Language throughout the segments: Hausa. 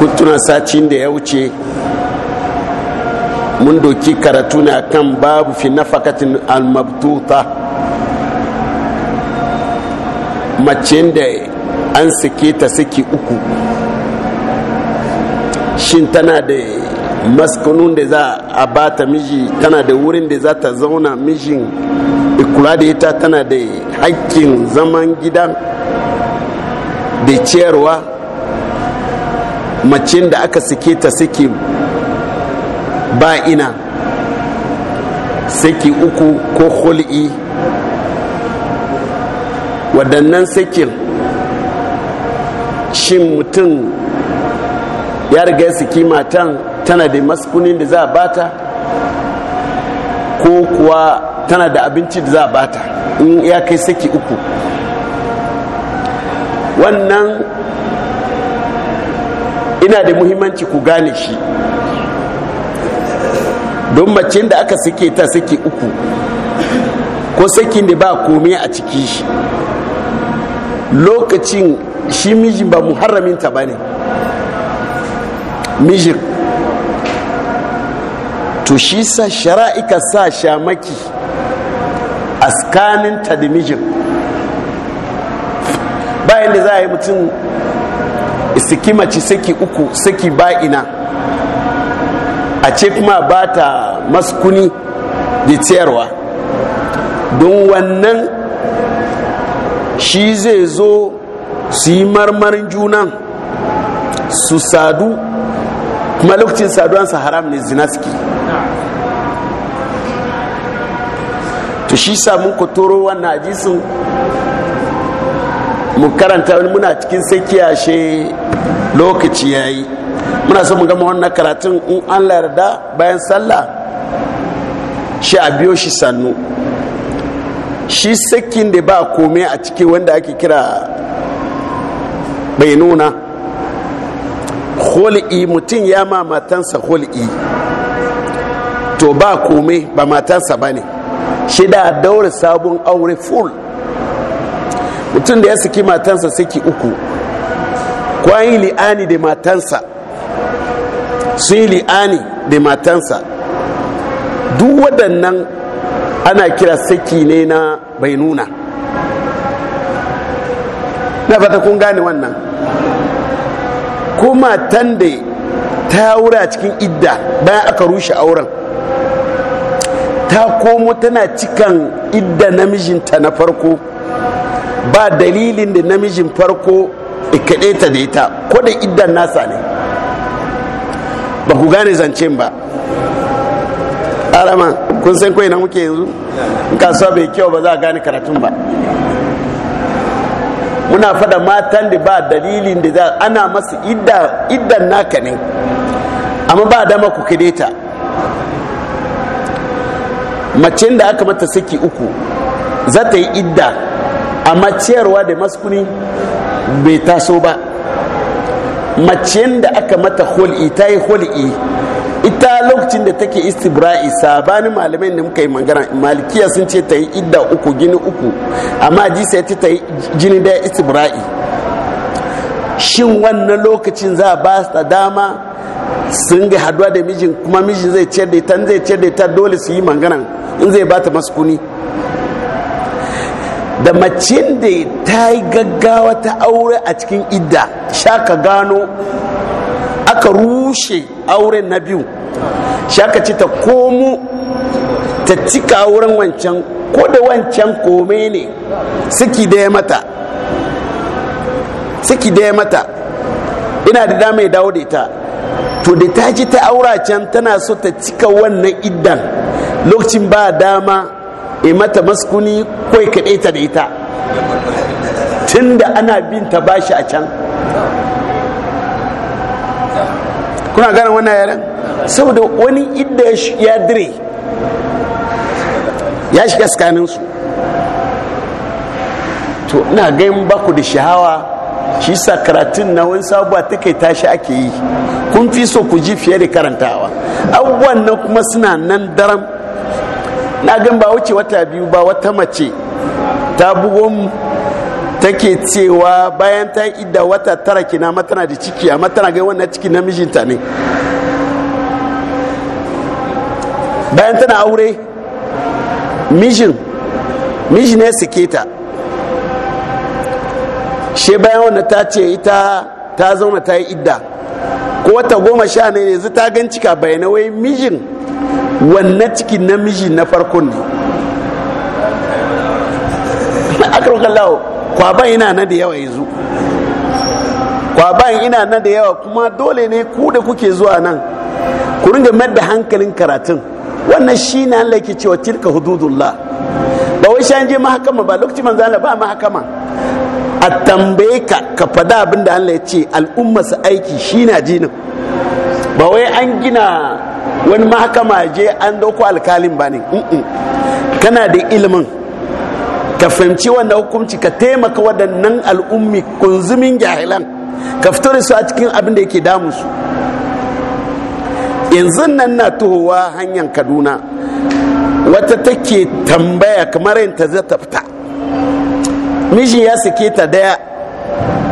kuntuna sacin da ya wuce mun doki karatu ne kan babu fi nafakatin almabtuta mace da an sike ta siki uku shin tana da maskanun da za a bata miji tana da wurin da za ta zauna mijin kula da ita tana da hakkin zaman gida da ciyarwa mace da aka sike ta sike ba ina saki uku ko hul'i waɗannan sakin shin mutum ya riga ya siki matan tana da maskunin da za a bata ko kuwa tana da abinci da za a bata in ya kai saki uku wannan ina da muhimmanci ku gane shi don macin da aka sake ta sake uku ko sakin da ba komai a ciki shi lokacin shi mijin ba muharraminta ba ne mijin to shi sa shara'ika sa shamaki a ta da mijin bayan da za a yi mutum saki mace saki uku saki ba'ina a ce kuma ba ta maskuni da ciyarwa don wannan shi zai zo su yi marmarin junan su sadu kuma lokacin saduwansa haram ne zina suke to shi samun kotoro wannan ajisun mu karanta wani muna cikin sakiya shi lokaci ya yi muna so mu gama wannan karatun in an larda bayan sallah shi a biyo shi sannu shi sakin da ba komai a ciki wanda ake kira bai nuna holi'i mutum ya ma matansa holi'i to ba komai ba matansa ba ne shi da daura sabon aure full mutum da ya saki matansa saki uku kwayi li'ani da matansa sun yi li'ani da matansa duk waɗannan ana kira saki ne na bai nuna na fata kun gane wannan ko matan da ta wura cikin idda bayan aka rushe auren ta komo tana cikan idda namijinta na farko ba dalilin da namijin farko ikade ta da ita ko da idan nasa ne ba ku gane zancen ba arama kun san kwai na muke yanzu kasuwa bai kyau ba za a gane karatun ba muna fada matan da ba dalilin da za ana masu idan naka ne amma ba dama ku kade ta mace da aka mata saki uku za ta yi idda amma ciyarwa da maskuni bai taso ba macen da aka mata hul'i ta yi hul'i ita lokacin da take istibra'i sabanin malamai da muka yi magana malikiya sun ce ta yi idda uku gini uku amma jisa ya ta yi jini da istibra'i shin wannan lokacin za a ba ta dama sun ga haduwa da mijin kuma mijin zai ciyar da ita zai ciyar da ita dole su yi magana in zai ba ta maskuni da mace da ta yi gaggawa ta aure a cikin idda shaka gano aka rushe auren na biyu shaka ce ta komo ta cika wurin wancan ko da wancan kome ne siki daya mata siki mata ina da dama ya dawo da ita to da ta ji ta aura can tana so ta cika wannan iddan lokacin ba dama e mata maskuni kai kaɗai ta da ita tunda ana bin ta bashi a can kuna gane wannan yaren saboda wani idda ya dire ya shiga tsakaninsu to ina gayin baku da shahawa shi sa karatun na wani sabuwa ta kai tashi ake yi kun fi so ku ji fiye da karantawa abubuwan nan kuma suna nan daram na gan ba wuce wata biyu ba wata mace ta bugon take cewa bayan ta idda wata tara kina matana da ciki amma tana ga wannan ciki na mijinta ne bayan tana aure mijin mijin ne suke ta she bayan wannan ta ce ita ta zauna ta yi idda ko wata goma sha ne yanzu ta gan cika bayanai mijin wannan ciki namiji na farkon ne akan kallawo kwaban ina nan da yawa yanzu kwaban ina nan da yawa kuma dole ne ku da kuke zuwa nan ku ringa mada hankalin karatun wannan shi ne an ke cewa tilka hududullah ba wai shan je mahakama ba lokacin manzo Allah ba mahakama a tambaye ka ka fada abin da Allah al'umma su aiki shi na jinin ba wai an gina wani mahakama je an dauko alkalin ba ne kana da ilimin ka fahimci wanda hukunci ka taimaka waɗannan al'ummi kunzumin jahilan ka fito da su a cikin abin da yake damu su yanzu nan na tuhowa hanyar kaduna wata take tambaya kamar yanta zai fita. miji ya sake ta daya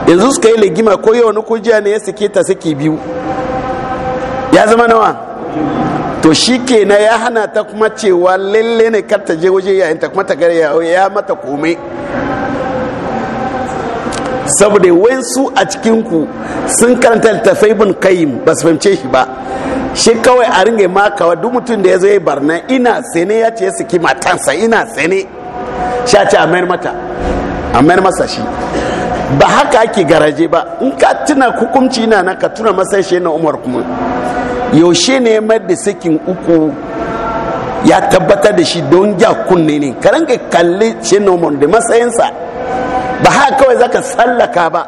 yanzu suka yi legima ko yau na kujiya ne ya sake ta sake biyu ya zama nawa to shi ke na ya hana ta kuma cewa lalle ne kar ta je waje yayin ta kuma ta gari ya mata komai saboda su a cikinku sun karanta littafai bin kai ba su fahimce shi ba shi kawai a ringa makawa duk mutum da ya zo ya barna ina sene ya ce ya saki matansa ina sene sha ce a mayar mata a mayar masa ba haka ake garaje ba in ka tuna hukunci na na ka tuna masa shi na umar kuma yaushe ne mai da sakin uku ya tabbatar da shi don ja kunne ne karan ka kalli shinomon da matsayinsa ba haka kawai zaka tsallaka ba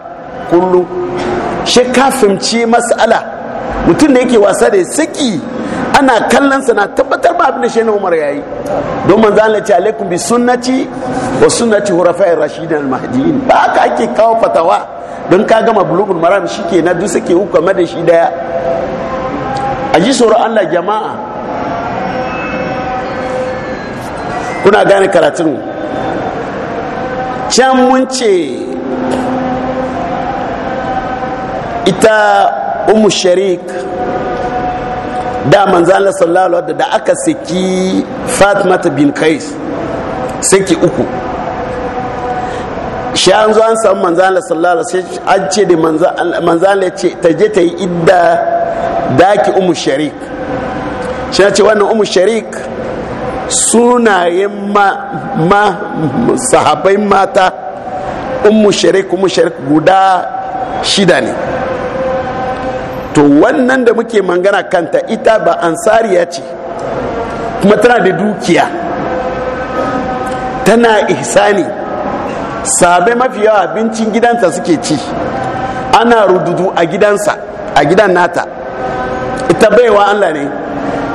kullum shi ka fahimci mutum da yake wasa da saki ana kallonsa na tabbatar ba abin da shi umar ya yi don manzo Allah ci alaikum bi sunnati wa sunnati hurafa'ir rashidin al ba haka ake kawo fatawa don ka gama bulugul maram shike na duk sake uku da shi daya a ji tsoron allah jama'a kuna gane karatun can mun ce ita umu sharik da manzana sallallahu da aka saki fatimata bin kais saki uku shi an zo an samu manzana sallallahu sai an ce da manzana ce ta je ta yi idda daki umu sharik shi ce wannan umu sharik sunayen ma, ma sahabai mata umu sharik umu sharik guda shida ne to wannan da muke mangana kanta ita ba ansariya ce kuma tana da dukiya tana ihsani sabai mafi yawa abincin gidansa suke ci ana rududu a gidansa a gidan nata ita baiwa Allah ne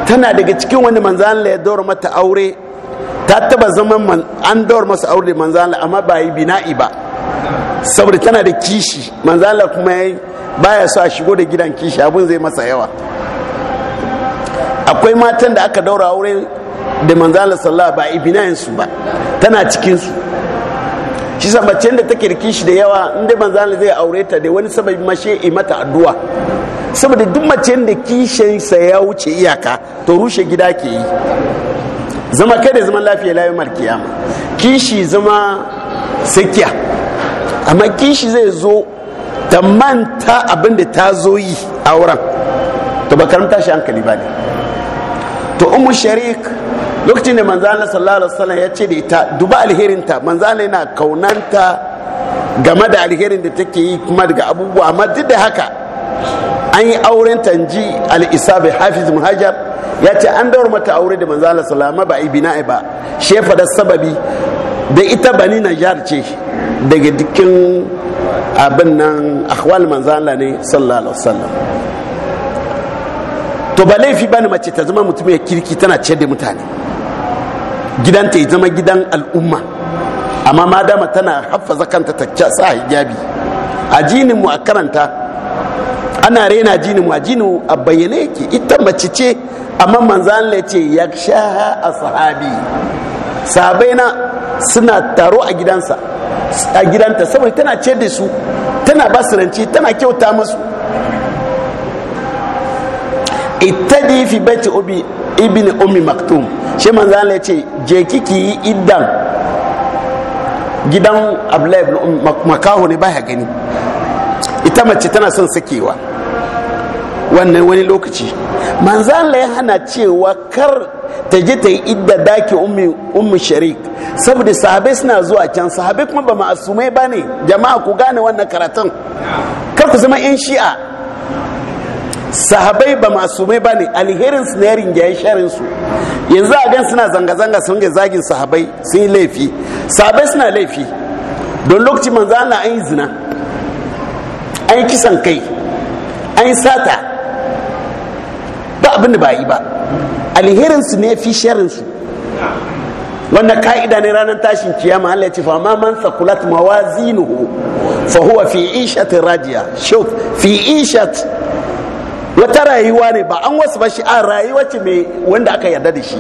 tana daga cikin wani manzan Allah ya daura mata aure ta taba zaman an daura masa aure da manzan Allah amma ba yi bina'i ba saboda tana da kishi manzan Allah kuma ya baya so a shigo da gidan kishi abun zai masa yawa akwai matan da aka daura aure da manzan Allah sallallahu ba bina'in su ba tana cikin su shi sa mace da take da kishi da yawa in dai manzo zai aure ta da wani sababi mashe yi mata addu'a saboda duk mace da kishin sa ya wuce iyaka to rushe gida ke yi zama kai da zaman lafiya lafi mal kishi zama sakiya amma kishi zai zo ta manta abin da ta zo yi auren to ba karamta shi hankali ba ne to umu sharik lokacin da manzo Allah sallallahu alaihi ya ce da ita duba alherinta manzo na yana kaunanta game da alherin da take yi kuma daga abubuwa amma duk da haka an yi auren tanji al bai hafiz muhajjar ya ce an daura mata aure da manzo Allah sallallahu ba ibina'i ba shefa da sababi da ita bani najar ce daga dukkan abin nan akhwal manzan Allah ne sallallahu alaihi to ba laifi bane mace ta zama mutum ya kirki tana ciyar da mutane gidanta ya zama gidan al'umma amma madama tana haffaza kanta ta sa hijabi a jininmu a karanta ana rena jinin mu a jinin a bayyane yake ita mace ce amma manzan ya ce ya sha a sahabi sabai na suna taro a gidansa a gidanta saboda tana ce da su tana ba su rance tana kyauta masu ita fi bace obi ibn ummi maktum shi manzo Allah ce je kiki yi iddan gidan abdullahi ibn makaho ne baya gani ita mace tana son sakewa wannan wani lokaci manzo Allah ya hana cewa kar ta je ta yi idda daki ummi ummi sharik saboda sahabai suna zuwa can sahabai kuma ba ba ne jama'a ku gane wannan karatun kar ku zama yan shi'a sahabai ba masu mai ba ne alherin su ne gyan sharin su yanzu a gan suna zanga-zanga sun ga zagin sahabai sun yi laifi sahabai suna laifi don lokaci manzo Allah an yi zina an yi kisan kai an yi sata ba abin da ba yi ba alherin su ne fi sharin su wannan ka'ida ne ranar tashin kiyama Allah ya ce fa ma man sakulat mawazinuhu fa huwa fi ishat radiya shuf fi ishat wata rayuwa ne ba an wasu ba shi a rayuwa ce mai wanda aka yarda da shi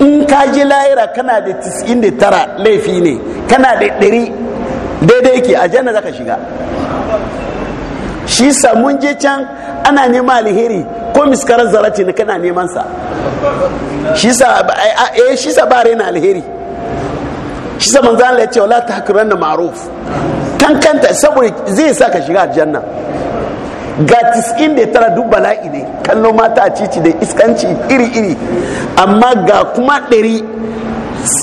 in ka ji layira kana da 99 laifi ne kana da 100 daidai ke a janna zaka shiga shi sa mun je can ana neman alheri ko miskarar zarace ne kana neman sa shi sa eh shi ba rena alheri shi sa manzo Allah ya ce wala da ma'ruf kankanta saboda zai sa ka shiga janna. ga 99 duk bala'i ne kallo mata a cici da iskanci iri-iri amma ga kuma ɗari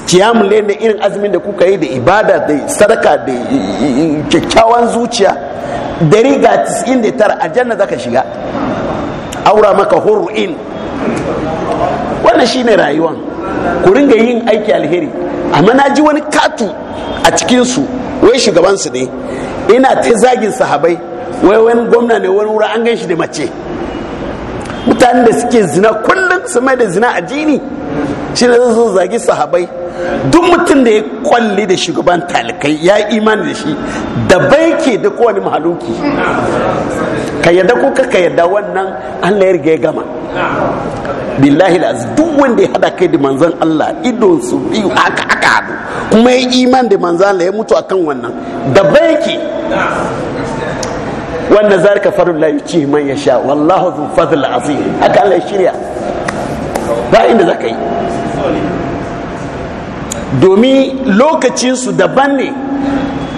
kiyamun da irin azumin da kuka yi da ibada da sadaka da kyakkyawan zuciya dari ga 99 aljanna za ka shiga aura maka hurru'in wannan shine rayuwan ku ringa yin aiki alheri amma na ji wani katu a cikinsu wai shugabansu ne ina ta zagin sahabai wai wani gwamna ne wani wuri an gan shi da mace mutanen da suke zina kullum su mai da zina a jini shi ne zai zagi sahabai duk mutum da ya kwalli da shugaban talikai ya imani da shi da bai ke da kowane mahaluki ka yadda ko ka yadda wannan allah ya riga ya gama billahi da duk wanda ya hada kai da manzan allah idon su biyu haka aka hadu kuma ya iman da manzan allah ya mutu akan wannan da bai ke wannan ka faru la ci man ya sha wallahu zu fadl azim haka Allah shirya ba inda ka yi domin lokacinsu daban ne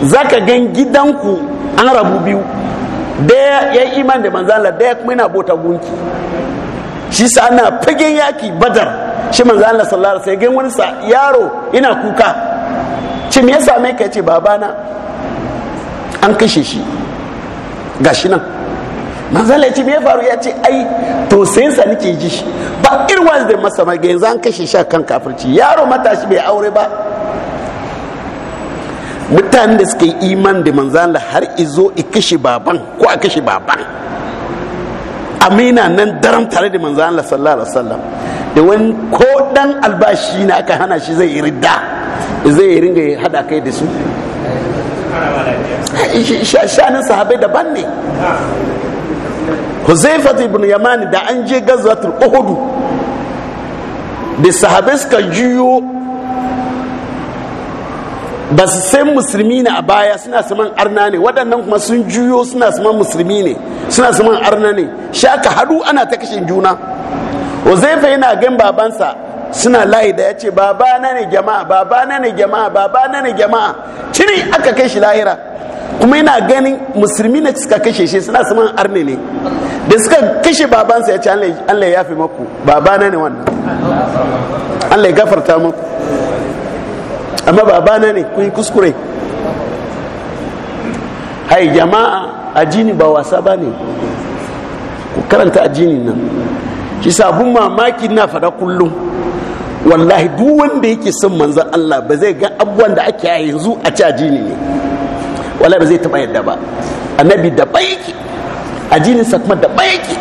za ka gan gidanku an rabu biyu daya ya iman da manzala daya kuma yana bota gunki shi sa ana fagen yaki badar shi manzala sallallahu sai gan wani sa yaro yana kuka ce me ya same ka ce babana an kashe shi gashi nan manzala ya ce me faru ya ce ai to sayansa nake ji ba irwan da masa mage yanzu an kashe shi kan kafirci yaro matashi bai aure ba mutanen da suka yi iman da manzala har izo i kashe baban ko a kashe baban amina nan daram tare da manzala sallallahu alaihi wasallam da wani ko dan albashi na aka hana shi zai yi ridda zai yi ringa hada kai da su sha'anin sahabai daban ne huzaifat ibn yamani da an je gazatul uhudu da sahabai suka juyo ba su san musulmi ne a baya suna saman arna ne waɗannan kuma sun juyo suna saman musulmi ne suna saman arna ne shaka hadu ana ta kashin juna huzaifa yana gan babansa suna layi da ya ce babana ne jama'a babana ne jama'a babana ne jama'a ciri aka kai shi lahira kuma yana ganin musulmi ne suka kashe shi suna saman arne ne da suka kashe babansa ya ce allah ya yafe maku babana ne wannan allah ya gafarta maku amma babana ne kun yi kuskure hai jama'a ajini ba wasa ba ne ku karanta ajini nan shi sabon mamaki na fada kullum wallahi duk wanda yake son manzan allah ba zai ga abubuwan da ake yanzu a ci ajini ne wala ba zai taba yadda ba annabi da baiki ajinin sa kuma da baiki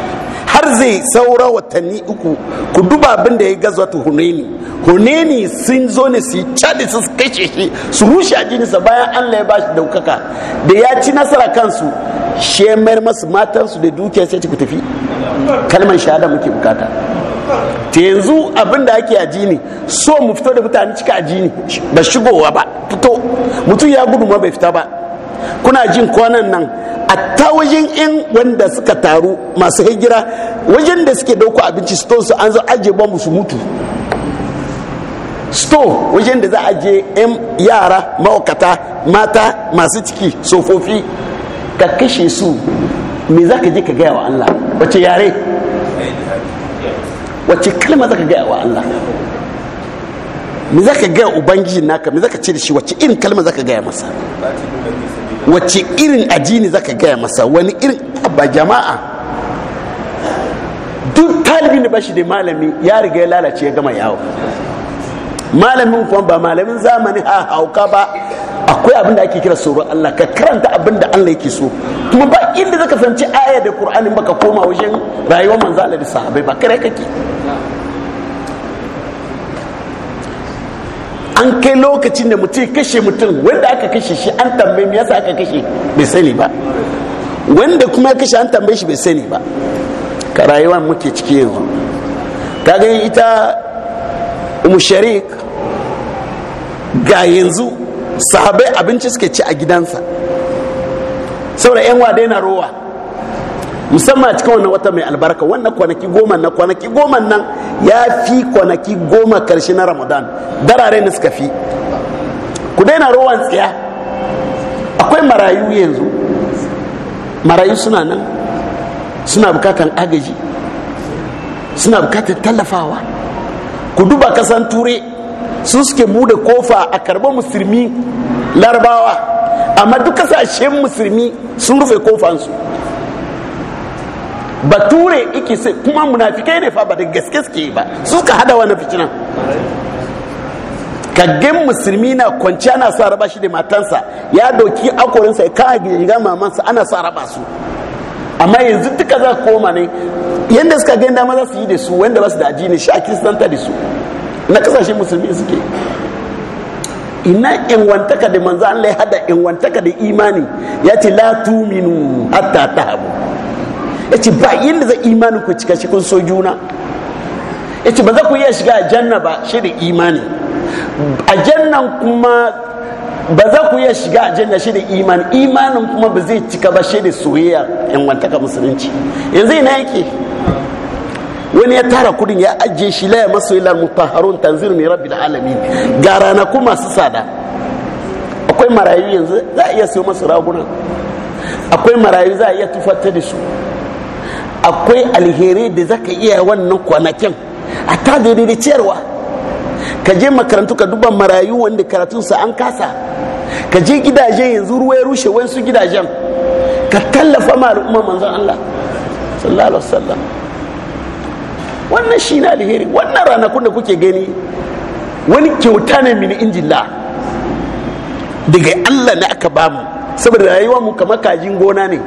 har zai saura watanni uku ku duba abin da ya gaza ta huneni huneni sun zo ne su yi su kashe shi su rushe ajininsa bayan allah ya ba shi daukaka da ya ci nasara kansu shemar masu matansu da dukiya sai ku tafi kalmar shahada muke bukata ta yanzu abin da ake ajini so mu fito da mutane cika ajini ba shigowa ba fito mutum ya gudu ma bai fita ba kuna jin kwanan nan a ta wajen in wanda suka taru masu hijira wajen da suke dauko abinci store su an zo ajiye ba musu mutu store wajen da za a je yan yara mawakata mata masu ciki tsofaffi ka kashe su me za ka je ka gaya wa Allah wace yare wace kalma za ka gaya wa Allah me za ka gaya ubangiji naka me za ka ce da shi wace irin kalma za ka gaya masa wacce irin aji ne zaka gaya masa wani irin ba jama'a duk talibin da bashi da malami ya riga ya lalace ya gama yawo malamin kuma ba malamin zamani ha hauka ba akwai abin da ake kira tsoron Allah ka karanta abin da Allah yake so kuma ba inda zaka fahimci aya da Qur'anin baka koma wajen rayuwar manzo Allah da sahabbai ba kare kake an kai lokacin da mutum kashe mutum wanda aka kashe shi an tambaye me yasa aka kashe bai sani ba wanda kuma ya kashe an tambaye shi bai sani ba ka rayuwa muke ciki yanzu ka ga ita sharik ga yanzu sahabai abinci suke ci a gidansa saboda yan wada yana rowa musamman a cikin wannan wata mai albarka wannan kwanaki goma na kwanaki goma nan ya fi kwanaki goma karshe na ramadan darare ne suka fi ku daina rowan tsiya akwai marayu yanzu marayu suna nan suna bukatan agaji suna bukatan tallafawa ku duba kasan ture su suke bude kofa a karba musulmi larabawa amma duk kasashen musulmi sun rufe kofansu bature iki sai kuma munafikai ne fa ba da gaske suke ba suka hada wani fitina kaggen musulmi na kwanci ana sa raba shi da matansa ya doki akorinsa ya kawo riga mamansa ana sa raba su amma yanzu duka za koma ne yadda suka gani dama za su yi da su wanda ba su da ne shi a kiristanta da su na kasashen musulmi suke ina inwantaka da manzo Allah ya hada ingantaka da imani ya ce la tuminu hatta tahabu ce ba yadda zai imani ku cika cikin so juna ce ba za ku iya shiga a janna ba shi da imani A janna kuma ba za ku iya shiga a janna shi da imani imanin kuma ba zai cika ba shi da soyayya yan wantaka musulunci yanzu ina yake wani ya tara kudin ya ajiye shi laya masu ilar faharun tanzir mai rabbi alamin ga kuma su sada akwai marayu yanzu za a iya siyo masu raguna akwai marayu za a iya tufata da su akwai alheri da zaka iya wannan kwanakin a ta daidai ciyarwa ka je makarantu ka duba marayu wanda karatunsa an kasa ka je gidajen yanzu ruwa ya rushe su gidajen ka tallafa ma al'umma manzon Allah sallallahu alaihi wasallam wannan shi na alheri wannan ranakun da kuke gani wani kyauta ne mini injilla daga Allah ne aka bamu saboda rayuwa mu kamar kajin gona ne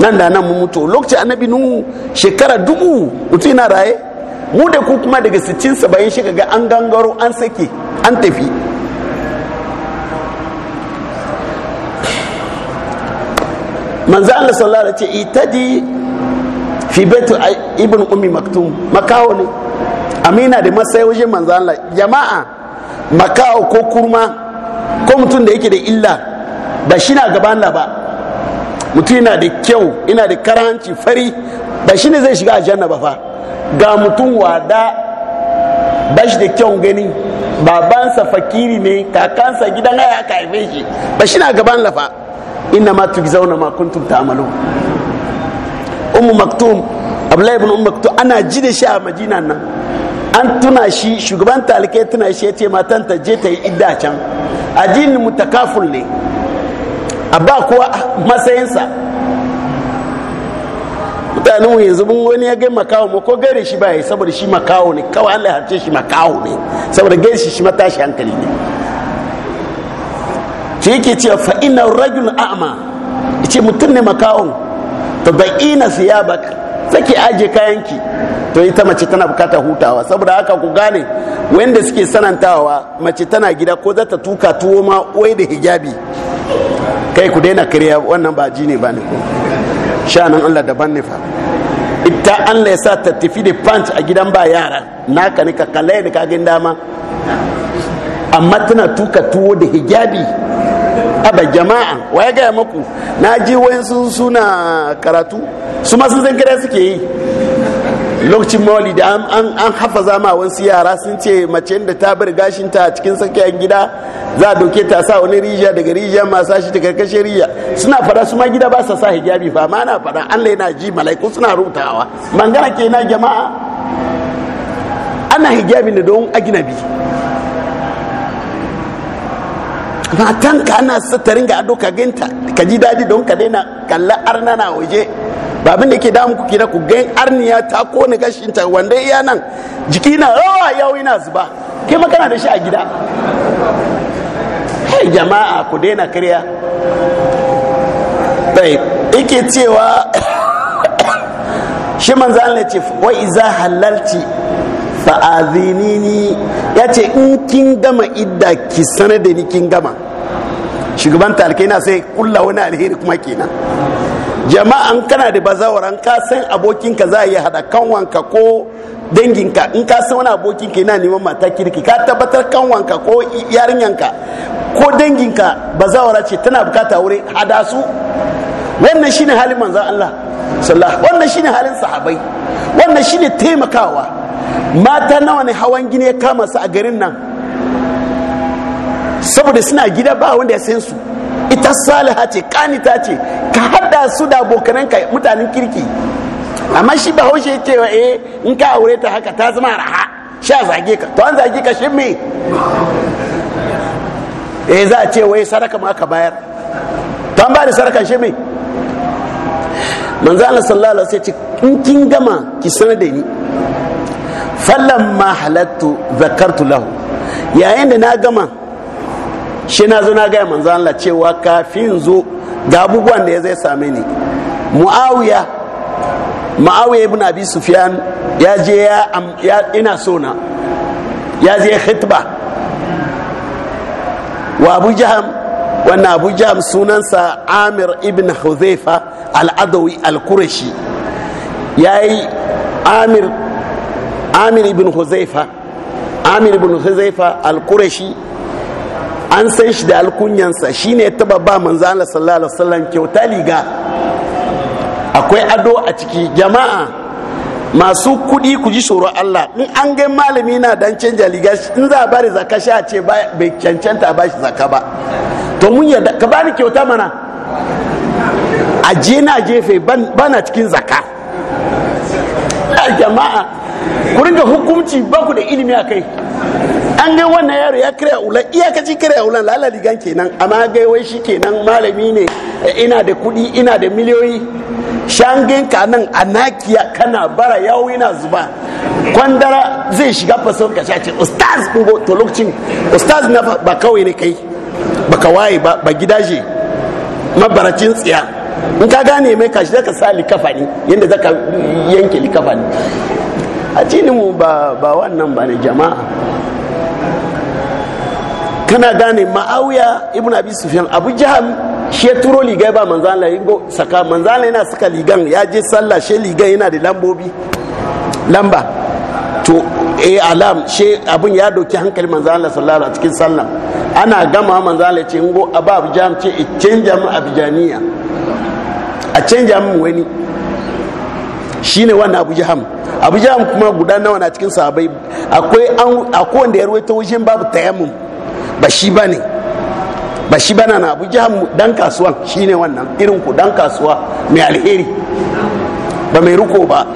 nan da nan mu mutu lokacin annabi nuhu shekara dubu mutu yana raye mu da ku kuma daga 60 70 shi ga an gangaro an sake an tafi manzo Allah sallallahu alaihi wasallam itadi fi baitu ibn ummi maktum makawo ne amina da masai wajen manzo Allah jama'a makawo ko kurma ko mutum da yake da illa ba shi na gaban Allah ba mutum yana da kyau yana da karanci fari ba shi ne zai shiga aljanna ba fa ga mutum wada ba shi da kyau gani babansa fakiri ne kakansa gidan haya ka haife shi ba shi na gaban lafa inna ma zauna ma kuntum ta'malu ummu maktum abdullahi ibn ummu maktum ana ji da shi a madina nan an tuna shi shugaban talikai tuna shi ya ce matan ta je ta yi idda can addinin mutakafun ne a ba kuwa matsayinsa mutanenmu yanzu mun wani ya gai makawo mu ko gare shi baya saboda shi makawo ne kawai Allah ya harce shi makawo ne saboda gare shi shi matashi hankali ne shi yake cewa fa inna rajul a'ma yace mutum ne makawon to bai ina siyabak sake aje kayanki to ita mace tana bukata hutawa saboda haka ku gane wanda suke sanantawa mace tana gida ko za ta tuka tuwo ma wai da hijabi kai ku daina kariya wannan ba ji ne ba ne sha'anin allah daban ne fa ita allah ya sa ta tafi da punch a gidan ba yara naka ne ka kalle da kagin dama amma tana tuka tuwo da hijabi aba jama'a ya gaya maku na ji wayansu suna karatu su masu sun suke yi lokacin maulidi an hafa zama wasu yara sun ce mace da ta bar gashinta a cikin tsakiyar gida za a doke ta sa wani rijiya daga rijiya masu shi daga karkashin rijiya suna fada su ma gida ba sa sa hijabi fa ma na fada allah yana ji mala'iku suna rutawa mangana ke na jama'a ana hijabi ne don aginabi matanka ana satarin ga ado ka ganta ka ji daji don ka daina kalla arna na waje ba abin da yake damu ku kira ku ga arniya ta kone ta wanda iya nan jiki na rawa yawo yana zuba kai makana da shi a gida hey jama'a ku daina kariya. bai yake cewa shi manzo Allah ce wa iza halalti fa azinini ya ce in kin gama idda ki sanar da ni kin gama shugaban talkai na sai kulla wani alheri kuma kenan jama'an kana da an ka san abokinka za a yi hada wanka ko danginka in ka san wani abokinka yana neman mata kirki ka tabbatar wanka ko yarinyanka ko danginka bazawara ce tana bukata wuri hada su wannan shine halin manzan Allah sallallahu wannan shine halin sahabai wannan shine taimakawa mata nawa ne hawan gine ya kama su a garin nan saboda suna gida ba wanda ya san su ita salaha ce kanita ce ka hada su da ka mutanen kirki amma shi ba haushe cewa eh in ka aure ta haka ta zama raha sha zage ka to an zage ka shin me eh za a ce wai saraka ma ka bayar to an ba da sarakan shi me manzo Allah sallallahu alaihi wasallam ce in kin gama ki sanar da ni fallan ma halattu zakartu lahu yayin da na gama shi na zo na gaya manzan Allah cewa kafin zo ga abubuwan da ya zai same ni muawiya muawiya ibn abi sufyan ya je ya ina sona ya je khitba wa abu jaham wannan abu jaham sunansa amir ibn huzaifa al-adawi al-qurashi yayi amir amir ibn huzaifa amir ibn huzaifa al-qurashi an san shi da alkunyansa shine taba ba manzo Allah sallallahu alaihi wasallam kyauta liga akwai ado a ciki jama'a masu kuɗi ku ji tsoro Allah in an ga malami na dan canja liga in za a bari zaka sha ce bai cancanta ba shi zaka ba to mun yarda ka bani kyauta mana je na jefe bana cikin zaka jama'a ku ringa hukunci ba ku da ilimi a kai an ga wannan yaro ya kira ka iyakaci kira ulan lala gan kenan amma ga wai shi kenan malami ne ina da kuɗi ina da miliyoyi shangin ka nan a nakiya kana bara yawo ina zuba kwandara zai shiga fasar ka ce ustaz kungo to lokacin ustaz na ba kawai ne kai ba kawai ba ba gidaje mabaracin tsiya in ka gane mai kashi zaka sa likafa ne zaka yanke likafa ne a mu ba wannan ba ne jama'a tana gane ma'awiya ibn abi sufyan abu jahal shi ya turo ligai ba manzala ko saka manzala yana saka ligan ya je sallah she ligan yana da lambobi lamba to eh alam she abun ya doki hankali manzala sallallahu a cikin sallah ana gama manzala ce a abu abu jahal ce a eh, canja mu abijaniya a canja mu wani shine wannan abu jaham abu jaham kuma guda nawa na cikin sahabai akwai a akwai wanda ya ruwaito wajen babu tayammum ba shi ba ne ba shi ba na abu dan kasuwan shi ne wannan irin ku dan kasuwa mai alheri ba mai riko ba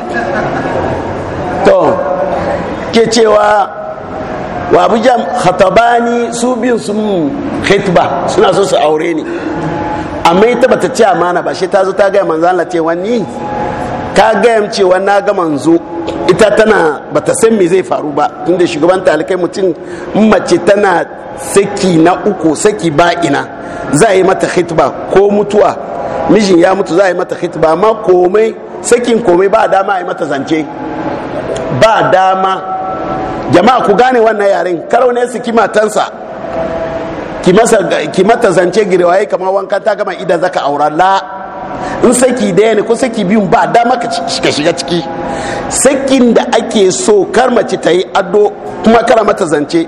to ke cewa wa abu jam khatabani su biyun sun hitba suna so su aure ni amma ita bata ce amana ba shi ta zo ta gaya manzo Allah ce wani ka gaya cewa na ga manzo ita tana bata san me zai faru ba tunda shugaban talikai mutum mace tana saki na uku saki ba ina za a yi mata hitba ko mutuwa mijin ya mutu za a yi mata hitba amma komai sakin komai ba dama a yi mata zance ba dama jama'a ku gane wannan yaren karo ne saki matansa ki mata zance girewaye kamar wanka ta gama idan zaka aura la in saki daya ne ko saki biyun ba dama ka shiga ciki sakin da ake so kar mace ta yi ado kuma kara mata zance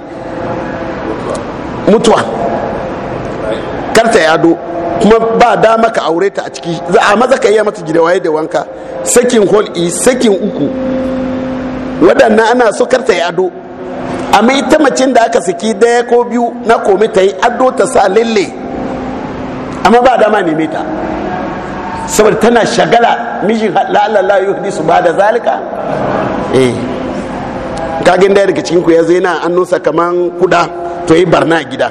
mutuwa kar ta yi ado kuma ba dama ka aure ta a ciki za a maza ka yi mata gidawaye da wanka sakin hol'i e, sakin uku waɗannan ana so kar ta yi ado amma ita macin da aka saki daya ko biyu na komi ta yi ado ta sa lalle amma ba dama neme ta saboda tana shagala mijin la'alala hudu su ba da zalika eh kagin daya daga cikin ku ya na annunsa kaman kuda to yi barna a gida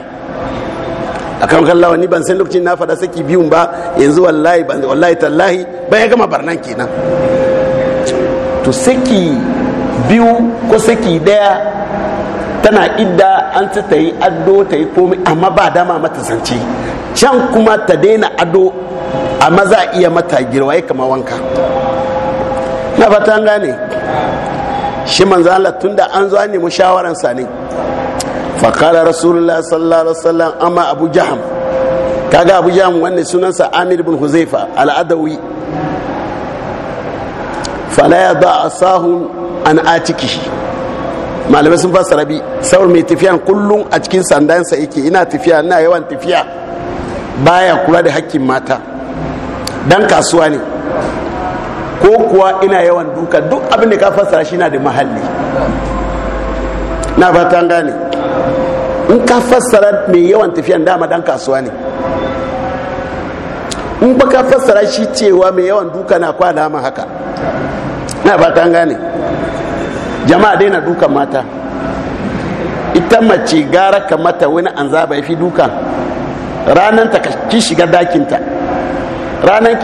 kan kallawa ni ban san lokacin na fada saki biyun ba yanzu wallahi ban wallahi tallahi ba ya gama barna kenan to saki biyu ko saki daya tana idda an ci ta yi ado ta yi komi amma ba dama mata zance can kuma ta daina ado amma za iya mata ya kama wanka na fata an gane shi manzo Allah tunda an zo ne mu shawaran sa ne fa qala rasulullah sallallahu alaihi wasallam amma abu jaham kaga abu jaham wannan sunansa amir ibn huzaifa al-adawi fala yada asahu an atiki malamai sun fasa bi saur mai tafiyan kullum a cikin sandansa yake ina tafiya ina yawan tafiya baya kula da hakkin mata dan kasuwa ne ko kuwa ina yawan duka duk abin da ka fasa shi na da mahalli na fata gane in ka fasa mai yawan tafiyan dama dan kasuwa ne in ba ka fasa shi cewa mai yawan duka na kwa dama haka na fata gane jama'a daina dukan mata ita mace gara ka mata wani an zaba ya fi duka ranar ta ki shiga dakinta ranar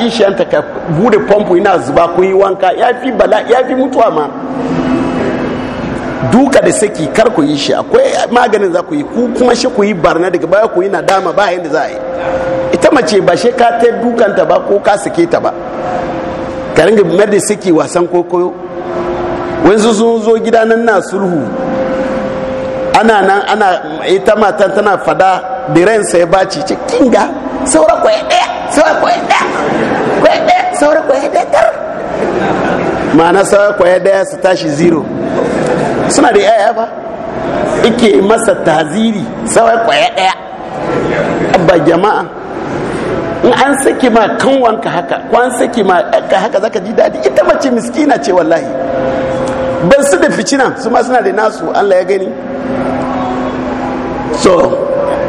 ka bude pompo yana zuba ku yi wanka ya fi bala ya fi mutuwa ma duka da saki kar ku yi shi akwai maganin za ku yi ku kuma shi ku yi barna daga baya ku yi na dama ba yadda za a yi ita mace ba shi ka ta dukanta ba ko ka sake ta ba ka ringa mayar da saki wasan kokoyo wanzu sun zo gida nan na sulhu ana nan ana ita matan tana fada da ransa ya baci ce kinga saura kwaya daya saura kwaya daya kwaya daya saura kwaya daya tar ma'ana saura kwaya daya su tashi zero suna da yaya ba ike masa taziri saura kwaya daya abba jama'a in an saki ma kanwanka haka ko an saki ma ka haka zaka ji dadi ita mace miskina ce wallahi ban su da ficina su ma suna da nasu Allah ya gani so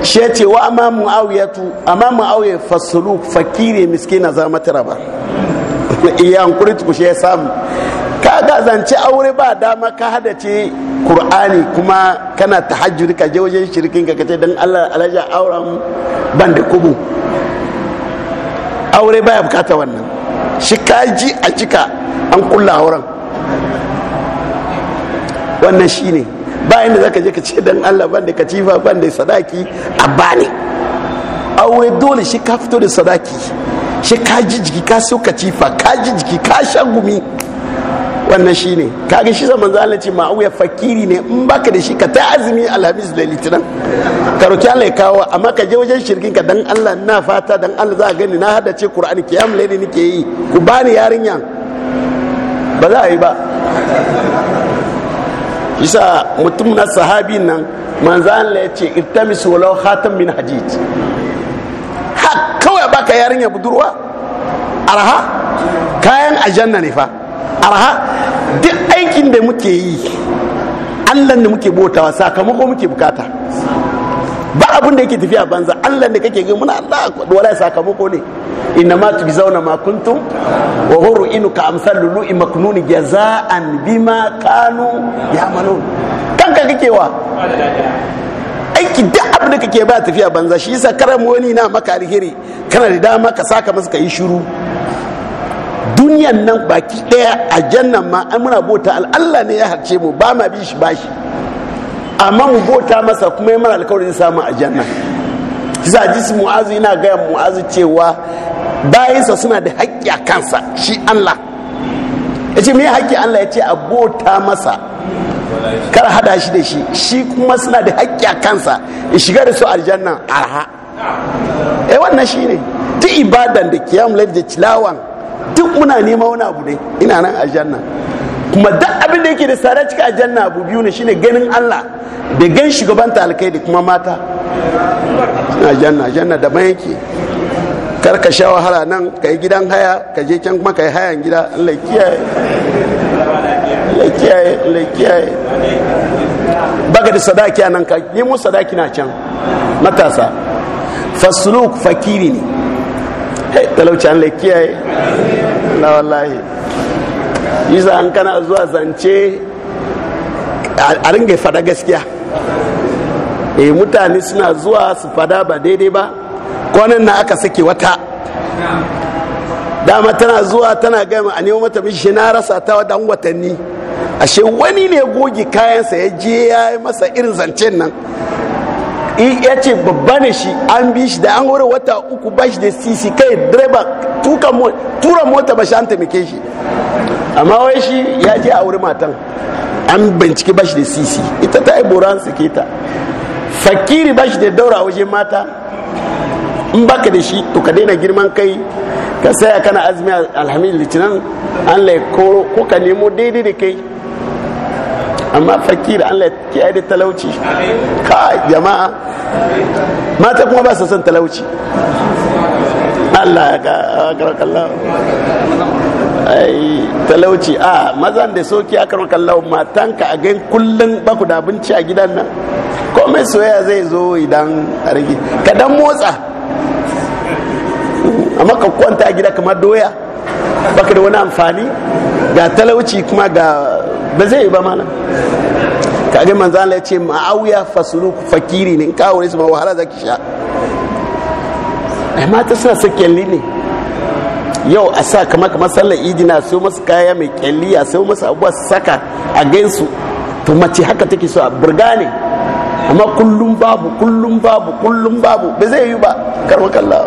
shi ya ce wa amma mu'awiyatu amma mu'awiya fasulu fakire miskina za matara ba iya hankuri tuku shi ya samu ka ga zance aure ba dama ka hadace qur'ani kuma kana tahajjud ka je wajen shirkin ka kace dan Allah alaja auren ban da kubu aure baya bukata wannan shi ka ji a cika an kulla auren wannan shi ne, bayan da zaka je ka ce dan Allah ban da katifa ban da sadaki a bani aure dole shi ka fito da sadaki shi ka ji jiki ka so katifa ka ji jiki ka sha gumi wannan shi ne kaga shi zaman zala ce ma'auya fakiri ne in baka da shi ka ta azumi alhamis da litinin ka roki Allah ya kawo amma ka je wajen shirkin ka dan Allah na fata dan Allah za a gani na hada ce Qur'ani kiyam laili nake yi ku bani yarinya ba za a yi ba isa mutum na sahabi nan manzan la ya ce irtamis walau hatam min hadid ha kawai baka yarinya budurwa araha kayan ajanna ne fa araha duk aikin da muke yi allah ne muke botawa sakamako muke bukata ba abin da yake tafiya banza allah da kake gani muna allah wala sakamako ne inna ma tu zauna ma kuntum wa huru inu ka amsal lulu imaknuni jaza'an bima kanu malun kanka kake wa aiki duk abin da kake ba tafiya banza shi yasa karam wani na maka alheri kana da dama ka saka masa ka shiru duniyan nan baki daya a jannan ma an muna bota Allah ne ya harce mu ba ma bi shi bashi amma mu bota masa kuma ya mana alkawarin samu a janna kisa jisi mu'azu yana gaya mu'azu cewa bayansa suna da haƙƙi a kansa shi allah ya ce me haƙƙi allah ya ce a bota masa kar hada shi da shi shi kuma suna da haƙƙi a kansa in shiga da su aljanna arha eh wannan shi ne ta ibadan da kiyam da cilawan duk muna nema wani abu ne ina nan aljanna kuma duk abin da yake da tsada cika aljanna abu biyu ne shine ganin Allah da gan shugaban ta alkai da kuma mata aljanna aljanna da ban yake kar ka sha wahala nan ka yi gidan haya ka je can kuma ka yi hayan gida Allah kiyaye Allah kiyaye Allah kiyaye baka da sadaki a nan ka nemo sadaki na can matasa fasluk fakiri ne talauci Allah kiyaye Allah wallahi yi za an kana zuwa zance a ringa fada gaskiya e mutane suna zuwa su fada ba daidai ba kwanan na aka sake wata dama tana zuwa tana gama a nemo mata mishi na rasa ta dan watanni ashe wani ne goge kayansa ya je ya yi masa irin zancen nan ya ce babba ne shi an bi shi da an wuri wata uku ba da sisi kai direba tura mota ba shi an taimake shi amma wai shi ya je a wuri matan an bincike ba shi da sisi ita ta yi boran ta fakiri ba shi da daura waje mata in baka da shi to ka daina girman kai ka saya kana azumi alhamis litinin an lai ko ka nemo daidai da kai amma fakir an lai kiyaye da talauci ka jama'a mata kuma ba su son talauci Allah ya ga ai talauci a mazan da soki aka lau matan ka a gan kullum baku da abinci a gidan nan komai soyayya zai zo idan a rage ka dan motsa amma ka kwanta a gida kamar doya baka da wani amfani ga talauci kuma ga ba zai yi ba mana kage manzo Allah ya ce ma'awiya fasulu fakiri ne in kawo ne su ma wahala zaki sha ai mata suna sakelli ne yau a sa kamar kamar sallar idi na sai masu kaya mai kyalliya sai masu abubuwa saka a gaisu to mace haka take so a burga ne amma kullum babu kullum babu kullum babu ba zai yi ba karma kalla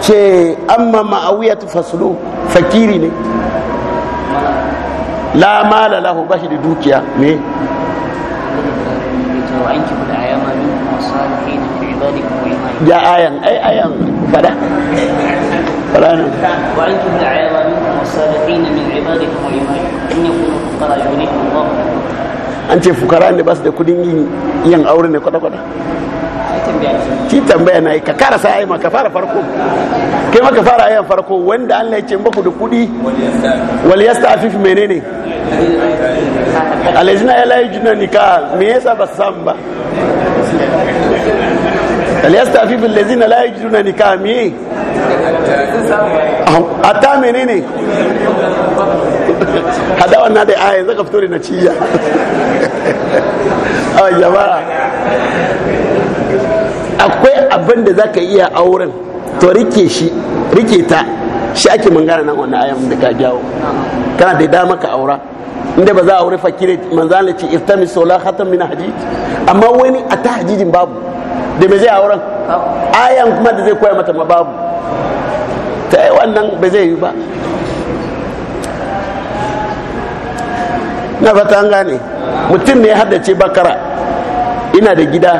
ce amma ma'awiya tu fasulu fakiri ne la mala lahu ba shi da dukiya me ya ayan ai ayan fada فلا وعنتم الأعيار منكم والصالحين من عبادكم وإمائكم إن فقراء يغنيكم الله an ce fukara ne ba su da kudin yin yin aure ne kwata-kwata ki tambaya na yi ka kara sa ka fara farko kai maka fara ayan farko wanda Allah ya ce baku kudi wal menene alajina ya layi juna nika ba فليستعفف الذين لا يجدون نكاحا مي ni menene hada wannan da aya zaka fito da naciya a jama'a akwai abin da zaka iya auren to rike shi rike ta shi ake mangana nan wannan ayan da ka jawo kana da dama ka aura inda ba za a aure fakire manzana ce iftami sola khatam min hadid amma wani a ta hadidin babu da me zai auren ayan kuma da zai koya mata ma babu ta yi wannan ba zai yi ba na fata an gane mutum ne ya haddace bakara ina da gida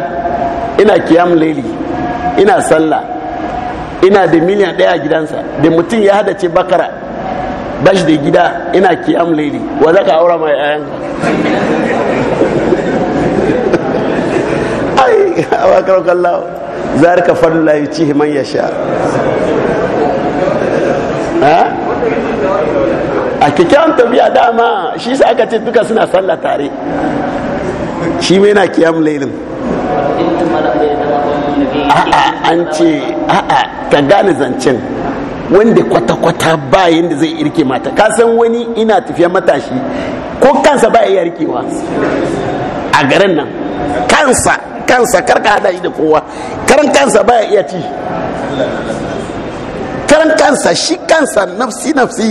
ina kiyam laili ina sallah ina da miliyan daya a gidansa da mutum ya haddace bakara bashi da gida ina kiyam laili wa za ka aura mai ayan awa karauka Allah za ka faru layu ci man ya sha a kyakkyawan tafiya dama shi sa aka ce duka suna sallah tare shi mai na kiyam lailin a'a an ce a'a ta gane zancen wanda kwata-kwata ba yadda zai irke mata kasan wani ina tafiya matashi ko kansa ba ya iya rikewa a garin nan kansa kansa kar ka hada shi da kowa karan kansa baya iya ci karan kansa shi kansa nafsi nafsi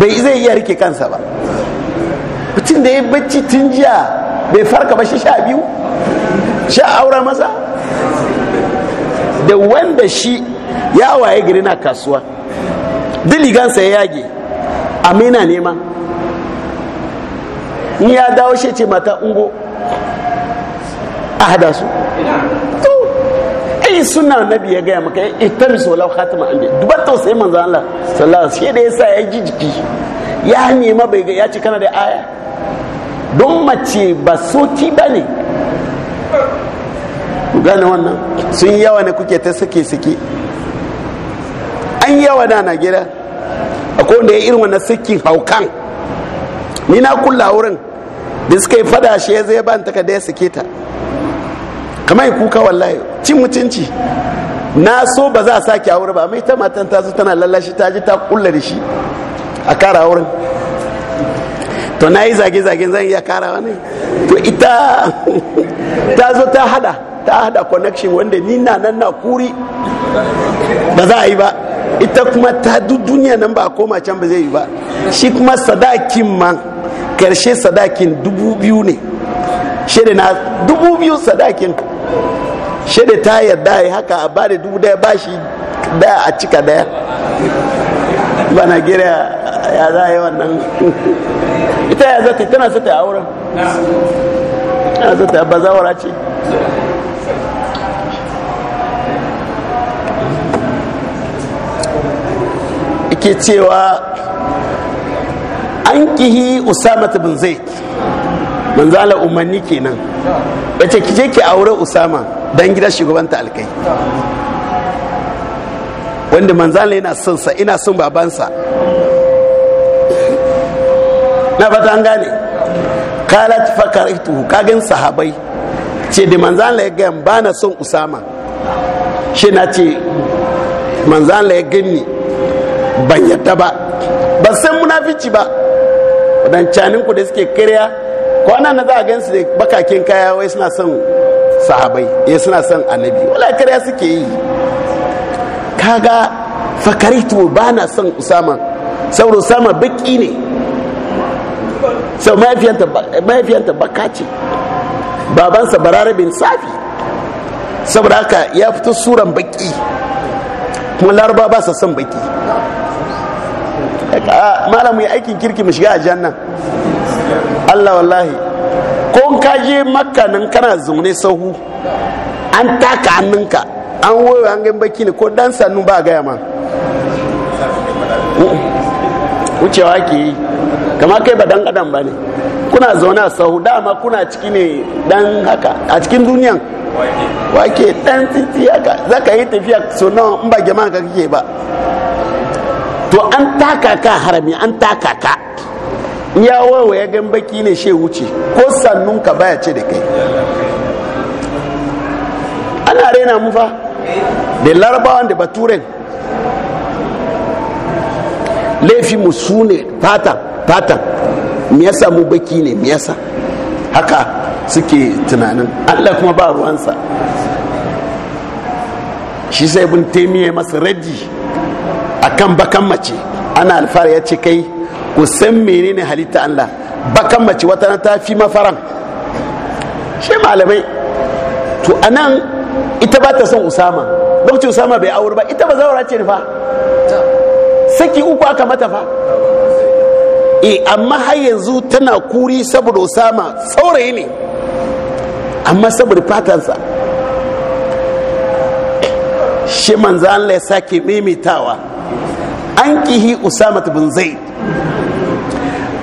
bai zai iya rike kansa ba mutum da ya bacci tun jiya bai farka ba shi sha biyu sha aura masa da wanda shi ya waye gari na kasuwa diligansa ya yage amina nema in ya dawo shi ce mata ungo a hada su to ai suna nabi ya gaya maka ita wala khatima an dubar tausayin manzo Allah sallallahu alaihi wasallam da yasa ya jijiki ya nema bai ga ya ci kana da aya don mace ba soti ba ne gane wannan sun yawa ne kuke ta sake sake an yawa na na gida akwai wanda ya irin wannan sakin haukan ni na kulla wurin da suka yi fada shi ya zai ban takarda ya sake ta kamar yi kuka wallahi cin mutunci na so ba za a sake aure ba mai ta matan ta zo tana lallashi ta ji ta kulla da shi a kara auren to na yi zage-zage zan iya kara ne to ita ta zo ta hada ta hada connection wanda ni na nan na kuri ba za a yi ba ita kuma ta duk duniya nan ba a koma can ba zai yi ba shi kuma sadakin ma karshe sadakin dubu biyu ne shirina na dubu biyu sadakin shida ta yarda ya haka a ba dubu daya ba shi daya a cika daya ba na gira ya za a yi wannan ita ya zata tana zata a wurin tana so ta bazawara ce ke cewa an kihi usama bin zaid manzala umarni kenan yace ce ki je ki aure usama dan shugaban ta alkai wanda manzala yana son sa ina son babansa na fata an gane kalat ka kagin sahabai ce da manzala ya gaya ba na son usama shi na ce manzala ya gani ban yadda ba ban san munafici ba wadancanin ku da suke karya ko ana na za a gansu da bakakin kaya wai suna son sahabai ya eh, suna son annabi wala kariya suke yi kaga fakaritu ba na son usama saboda usama baki ne sau mahaifiyanta baka ce babansa bararabin safi saboda haka ya fito suran baki kuma laraba ba sa son baki ah, malam ya aikin kirki mu shiga a jannan Allah wallahi ko ka je makka nan kana zaune sahu an taka hannunka an wayo hangen baki ne ko dan sannu ba gaya ma wucewa ke yi kama kai ba dan adam ba ne kuna zaune sahu dama kuna ciki ne dan haka a cikin duniyan wake dan titi haka zaka yi tafiya so nawa in ba jama'a ka kake ba to an taka ka harami an taka ka ya wawa ya gan baki ne she wuce ko sannun ka baya ce da kai ana raina mu fa da larabawan da baturen laifi mu su ne fatan fatan miyasa mu baki ne miyasa haka suke tunanin allah kuma ba ruwansa shi sai bin taimiyya masa raji kan bakan mace ana alfahari ya ce kai ku san menene halitta Allah bakan mace wata na ta fi mafaran shi malamai to anan ita ba ta son usama lokacin usama bai aure ba ita ba zaura ce fa saki uku aka mata fa e amma har yanzu tana kuri saboda usama saurayi ne amma saboda fatansa shi manzo Allah ya sake maimaitawa an kihi usama bin zaid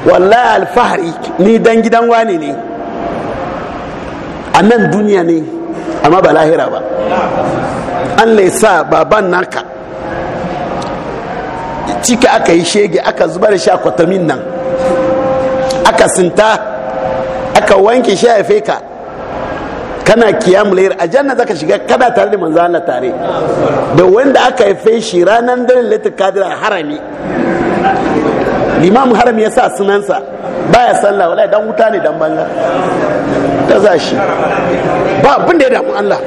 wallahi alfahari ni dan gidan wani ne a nan duniya ne amma ba lahira ba an sa baban naka cika aka yi shege aka zubar shi a kwatamin nan aka sinta aka wanke shi a ka kana kiyam layar a janna zaka shiga kada tare da manzo Allah tare da wanda aka haife shi ranan dare latul kadir harami limamu haram ya sa sunansa baya sallah wallahi dan wuta ne dan banza ta za shi ba abin da ya damu Allah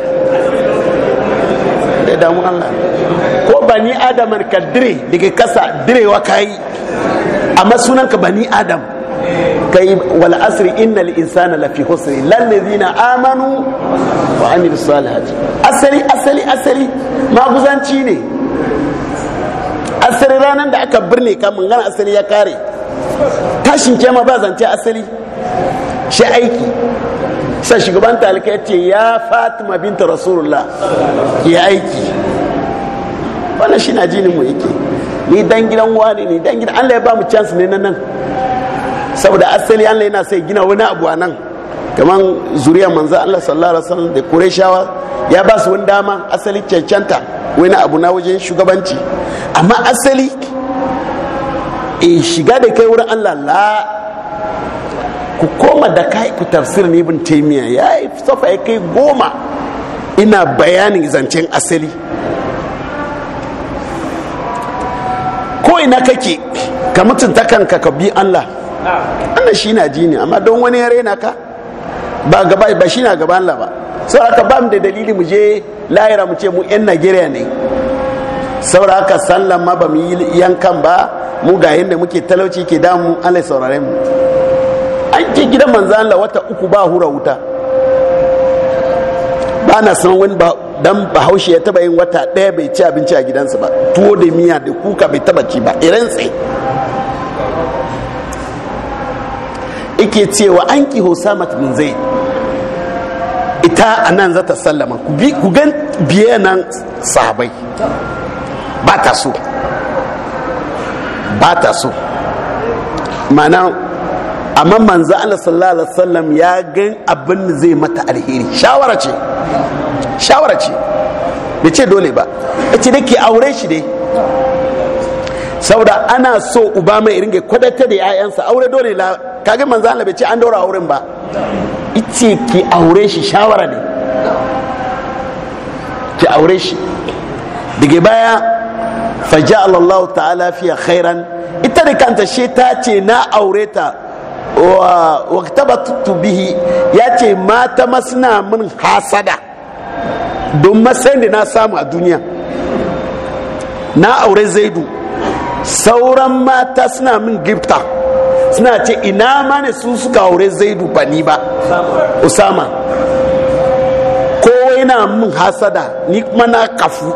da ya damu Allah ko bani adam ka dire daga kasa direwa kai amma sunanka bani adam kai wal asri innal insana lafi husri lallazina amanu wa amilus salihati asali asali asali maguzanci ne asali ranar da aka birne kamun gana asali ya kare tashin kema ba zance asali shi aiki sa shugaban talika ya ce ya fatima binta rasulullah ki aiki wannan shi na jinin mu yake ni dan gidan wani ne dan gidan allah ya ba mu chance ne nan saboda asali allah yana sai gina wani abu a nan kamar zuriya manzo Allah sallallahu alaihi wasallam da Qurayshawa ya ba su wani dama asali cancanta wani abu na wajen shugabanci amma asali e shiga da kai wurin Allah la ku koma da kai ku tafsir ne ibn taymiya ya yi safa ya kai goma ina bayanin zancen asali ko ina kake ka mutunta kanka ka bi Allah Allah shi na ji ne amma don wani ya raina ka ba gaba ba shi na gaban Allah ba saboda ba mu da dalili mu je lahira mu ce mu yan Najeriya ne saboda haka sallan ma ba mu yi yankan ba mu ga yadda muke talauci ke damu Allah saurare mu an ke gidan manzo Allah wata uku ba hura wuta ba na san wani ba dan bahaushe ya taba yin wata ɗaya bai ci abinci a gidansa ba tuwo da miya da kuka bai taba ci ba irin tsaye yake cewa an ki hosamat bin zai ita a nan za ta sallama ku gan biye nan sahabai ba ta so ba ta so mana amma manzo Allah sallallahu alaihi wasallam ya gan abin da zai mata alheri shawara ce shawara ce bai ce dole ba ita da ke aure shi dai saboda ana so uba mai ringe kwadata da 'ya'yansa aure dole la kage manzo Allah bai ce an daura auren ba ice ki aure shi shawara ne ki aure shi daga baya faja'al Allah ta'ala fiya khairan ita da kanta she ta ce na aure wa tabatutu bihi ya ce mata masna min hasada don matsayin da na samu a duniya na aure zaidu sauran mata suna min gifta suna ce ina ma ne su suka aure zaidu ba ni ba usama ko yana min hasada ni kuma na kafu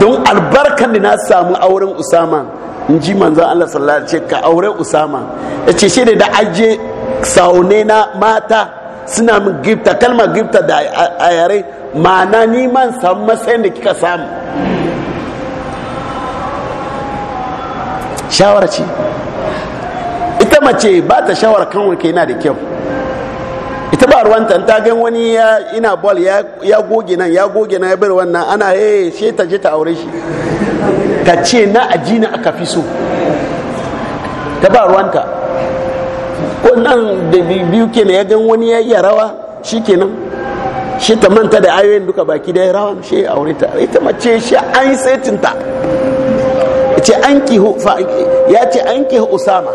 don albarkan da na samu auren usama in ji manzan allah sallallahu ce ka auren usama ya ce shi da aje saune na mata suna min gifta kalmar gifta da a yare ma'ana ni man samu matsayin da kika samu shawara ce ita mace ba ta shawar kan wanke yana da kyau ita ba ruwanta ta gan wani ya ina bol ya goge nan ya goge nan ya bar wannan ana eh she ta je ta aure shi ka ce na ajina aka fi so ta ba ruwanta ko nan da biyu ke ya gan wani ya iya rawa shi kenan shi ta manta da ayoyin duka baki da ya rawa shi aure ta ita mace shi an yi setinta an ki ya ce an ki usama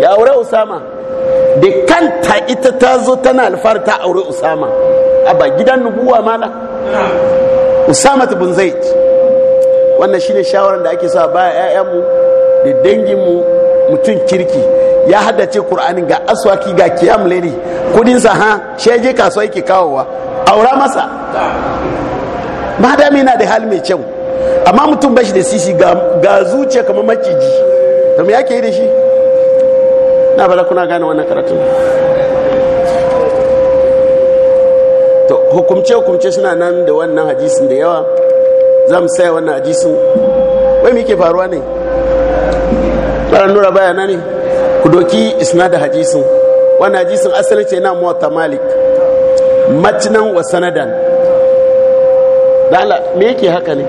ya aure usama da kanta ita ta zo tana alfahar ta aure usama a ba gidan nubuwa mana usama ta bunzai. wannan shine shawaran da ake sa ba ƴaƴanmu da danginmu mutum kirki ya haddace kur'ani ga aswaki ga kiyam lady kudin sa ha sheje kasuwa yake kawowa aura masa madami na da hali mai kyau amma mutum bashi da sisi ga zuciya kamar maciji to me yake yi da shi na ba kuna gane wannan karatun to hukumce hukumce suna nan da wannan hadisin da yawa za mu saya wannan hadisin wai muke ke faruwa ne ɓaran nura bayana ne ku doki isna da hadisin wannan hadisin asali ce na Mota malik matinan wa sanadan da Allah me yake haka ne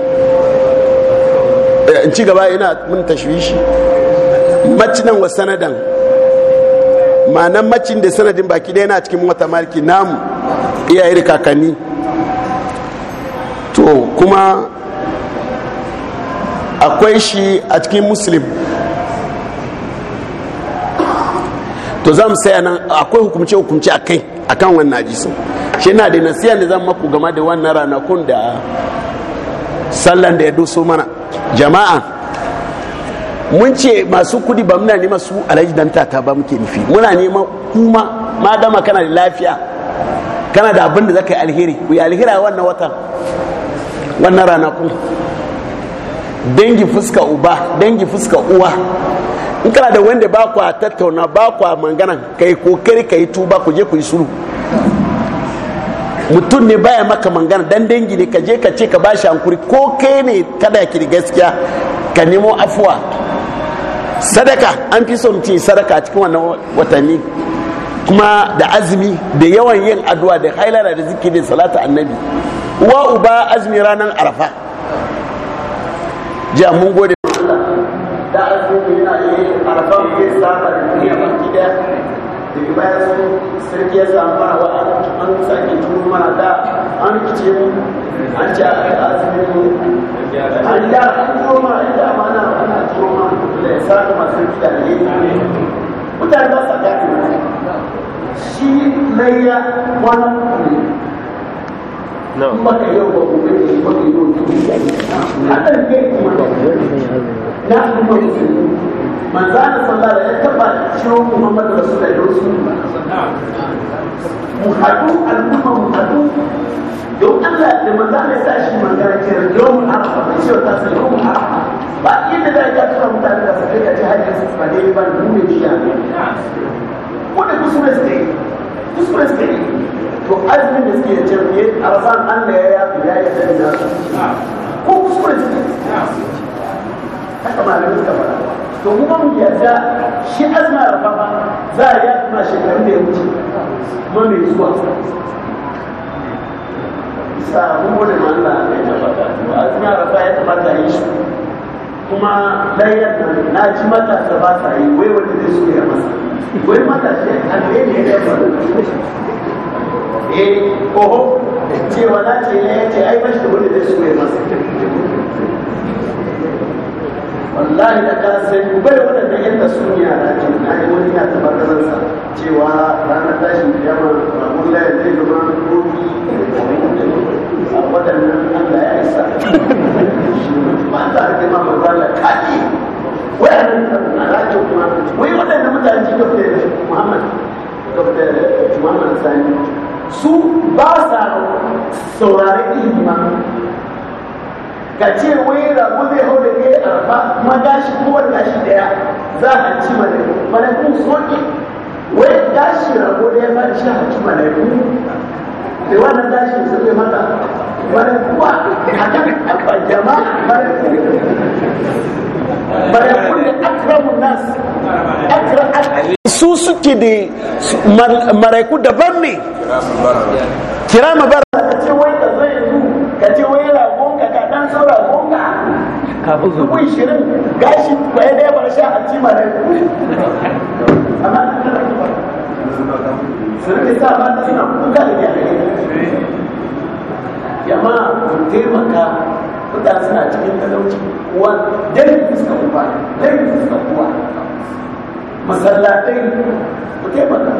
eh, in ci gaba ina mun tashwishi matinan wa sanadan ma'anan macin da sanadin baki ɗaya yana cikin wata maliki namu iyaye kakanni to kuma akwai shi a cikin muslim to za mu saya nan akwai hukumce hukumce a kai a kan wannan hadisin shi na da nasiya da zan maku game da wannan ranakun da sallan da ya doso mana jama'a mun ce masu kudi ba muna nema su alhaji dan tata ba muke nufi muna nema kuma ma dama kana da lafiya kana da abin da zaka yi alheri ku yi alheri a wannan watan wannan ranakun dangi fuska uba dangi fuska uwa in kana da wanda ba tattauna ba kwa mangana kai kokari kai tuba ku je ku yi sulhu mutum ne baya maka mangana dan dangi ne ka je ka ce ka bashi hankuri ko kai ne kada ki gaskiya ka nemo afuwa sadaka an fi son ce sadaka cikin wannan watanni kuma da azumi da yawan yin addu'a da hailara da zikirin da salatu annabi wa uba azumi ranar arafa jiya mun gode da azumi da ya sa kuma sun da ne mutane ba sa gane shi layya wani ne yau ne yau tuni hakan ne kuma ya da yau su mu haɗu al'umma mu haɗu don allah da manzana ya sa shi manzana ce yau mu arafa ta sa yau mu da za a yi tura mutane da suke da jihar su ba dai ba da nuna wanda kusurin suke yi kusurin suke yi to azumin da suke yace yi a rasan ya yafi ya yi da na ko kusurin suke haka malamin suka fara to kuma mu yarda shi azma ba za a yafi ma shekaru da ya wuce ma mai zuwa bisa abubuwan da Allah ya tabbata azma rafa ya tabbata yi shi kuma ɗayan nan na ci matasa ba sa yi wai wani zai so ya masa wai matasa a ne ne ya faru eh ce wa na ce ne ya ce ai bashi da wani zai so ya masa wallahi da ka sai bai waɗanda yin da sun yi yara ce na yi wani ya taɓa ƙasarsa cewa ranar tashin kiyama ramun layar zai zama roki a waɗannan da ya isa ma an zaka kai ma manzo Allah kafi wayannan na rajo kuma wai waɗannan mutane ji da Muhammad Dr. Muhammad Sani su ba sa saurare ilimi ka ce wai rago zai hau da ne arfa kuma gashi ko wani gashi daya za a ci mana malakun soki wai gashi rago daya za a ci a ci malakun da wannan gashin sun kai mata barantuwa a jama'a barantuwa da akramun nas su suke da maraiku daban ne kira mabara ka ce wai ka zai zu ka ce wai ragon ka ka dan sau ragon ka gashi daya a ci maraiku amma sun sa suna kuka da gyara jama'a ku taimaka mutane suna cikin talauci kuwa dai fuska uba dai suka uwa masallatai ku taimaka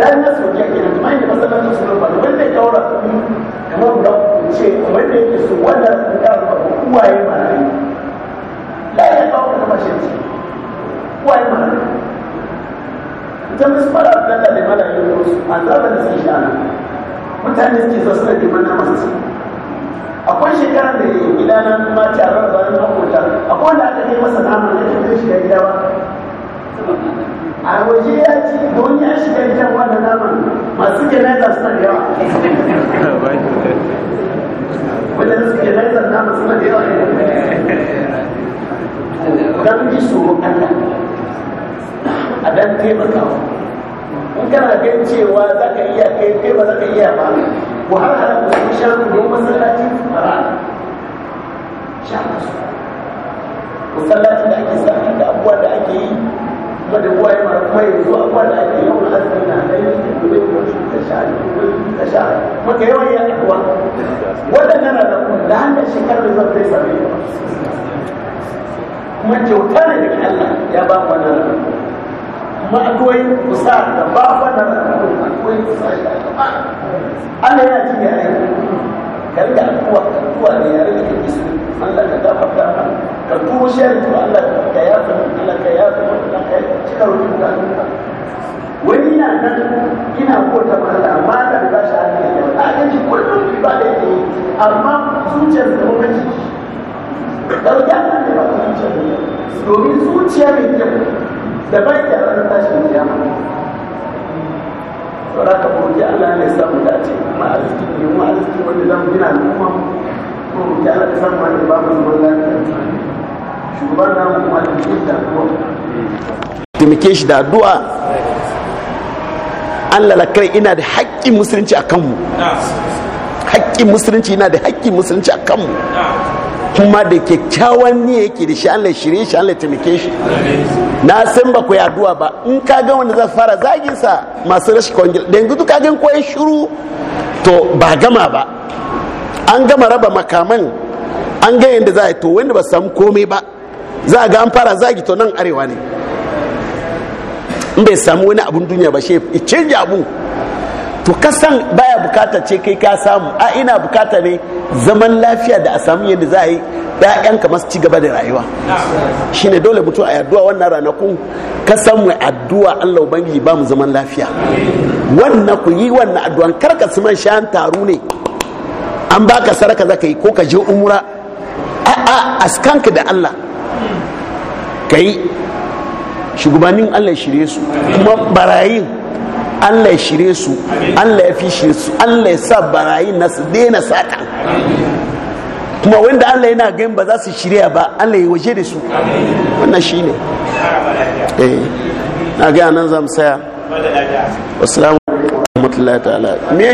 dan na soke kenan kuma inda masallatai su rufa wanda ya daura kuɗi kamar guda ku ce wanda yake so wannan ku da rufa ku uwaye marayu la ya kawo ka mashin ci uwaye marayu ita musu fara da ta da malayin su an zaba da sun sha'ana mutane suke zo suna neman naman su akwai shekarar da ya gida nan ma da bayan makota akwai wanda aka kai masa naman da shi shiga gida ba a waje ya ci da wani ya shiga gida ba da nama. masu janaza suna da yawa wanda suke janaza naman suna da yawa don ji ko Allah a dan taimakawa in kana kai cewa za ka iya kai kai ba za ka iya ba wahala ku sun sha ku masallaci fara sha ka masallaci da ake sa da abuwa da ake yi kuma da ya mara kuma zuwa abubuwa da ake yi wani azumi na nan da gobe ko shi ta sha ne ko ta sha maka yawan ya abuwa waɗannan ranakun da hannun shekarar zan zai same kuma kyauta ne daga Allah ya ba mu wannan ranakun kuma akwai kusa da ba da Allah yana ji da ayyuka kan da kuwa kuwa ne yare da kake so Allah ka gafarta ka tuwo shayar da Allah ka yafa Allah ka yafa Allah ka cika rubuta wani na nan ina kota mata amma da ba shi hali da wata aka ji kullum ba da yake amma zuciyar da kuma ji dauki ne ba zuciyar domin zuciya mai kyau daban da ran tashin kiyama saboda ka roƙi Allah ne samu dace kuma arziki ne mu arziki wanda zamu gina al'umma ko roƙi Allah ya samu wanda ba mu zuwa lafiya shugaban na kuma da ke da taimake shi da addu'a Allah la kai ina da haƙƙin musulunci a kanmu haƙƙin musulunci ina da haƙƙin musulunci a kanmu kuma da kyakkyawan ne yake da shi Allah shirye shi Allah taimake shi na san ba ku yi addu'a ba in ka ga wanda za fara zagin sa masu rashin kwangil da yanzu ka gan koyi shiru to ba gama ba an gama raba makaman an ga yadda za a yi to wanda ba samu komai ba za a ga an fara zagi to nan arewa ne in bai samu wani abun duniya ba shi ya canja abu to kasan baya bukata ce kai ka samu a ina bukata ne zaman lafiya da a samu yadda za a yi ka masu ci gaba da rayuwa shine dole mutum a addu'a wannan ranakun kasan mu addu'a Allah ubangiji ba mu zaman lafiya wannan ku yi wannan addu'an kar ka man shan taru ne an baka saraka za ka yi ko ka je umra a'a askanka da Allah ka yi shugabannin Allah shirye su kuma barayin Allah ya shirye su Allah ya fishe su Allah ya sa barayin nasu daina satan kuma wanda Allah yana gani ba za su shirya ba Allah ya waje da su wannan shine eh na ga nan zamu saya assalamu alaikum warahmatullahi ta'ala